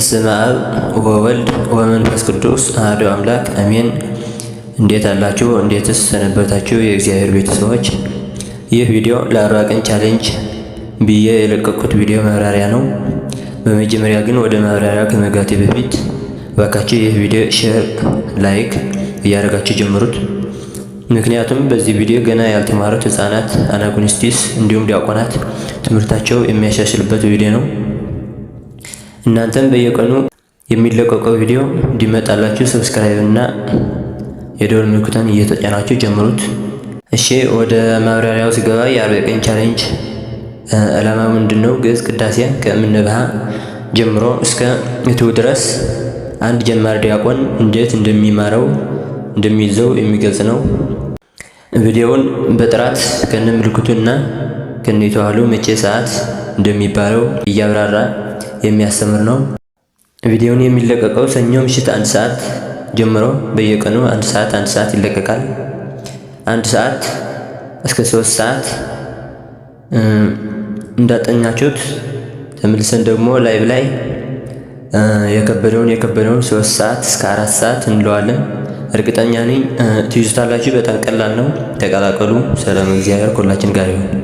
በስመ አብ ወወልድ ወመንፈስ ቅዱስ አሐዱ አምላክ አሜን። እንዴት አላችሁ? እንዴትስ ሰነበታችሁ? የእግዚአብሔር ቤተሰቦች፣ ይህ ቪዲዮ ለአርባ ቀን ቻሌንጅ ብዬ የለቀኩት ቪዲዮ ማብራሪያ ነው። በመጀመሪያ ግን ወደ ማብራሪያ ከመግባቴ በፊት ባካችሁ ይህ ቪዲዮ ሼር፣ ላይክ እያደረጋችሁ ጀምሩት። ምክንያቱም በዚህ ቪዲዮ ገና ያልተማሩት ሕፃናት፣ አናጉኒስቲስ እንዲሁም ዲያቆናት ትምህርታቸው የሚያሻሽልበት ቪዲዮ ነው። እናንተም በየቀኑ የሚለቀቀው ቪዲዮ እንዲመጣላችሁ ሰብስክራይብ እና የደወል ምልክቱን እየተጫናችሁ ጀምሩት። እሺ ወደ ማብራሪያው ስገባ የአርባ ቀን ቻሌንጅ ዓላማ ምንድን ነው? ግዕዝ ቅዳሴን ጀምሮ እስከ እትው ድረስ አንድ ጀማር ዲያቆን እንዴት እንደሚማረው እንደሚይዘው የሚገልጽ ነው። ቪዲዮውን በጥራት ከነ ምልክቱና ቅኒቱ አሉ መቼ ሰዓት እንደሚባለው እያብራራ የሚያስተምር ነው። ቪዲዮውን የሚለቀቀው ሰኞ ምሽት አንድ ሰዓት ጀምሮ በየቀኑ አንድ ሰዓት አንድ ሰዓት ይለቀቃል። አንድ ሰዓት እስከ ሶስት ሰዓት እንዳጠኛችሁት ተመልሰን ደግሞ ላይቭ ላይ የከበደውን የከበደውን ሶስት ሰዓት እስከ አራት ሰዓት እንለዋለን። እርግጠኛ ነኝ ትይዙታላችሁ። በጣም ቀላል ነው። ተቀላቀሉ። ሰላም፣ እግዚአብሔር ከሁላችን ጋር ይሁን።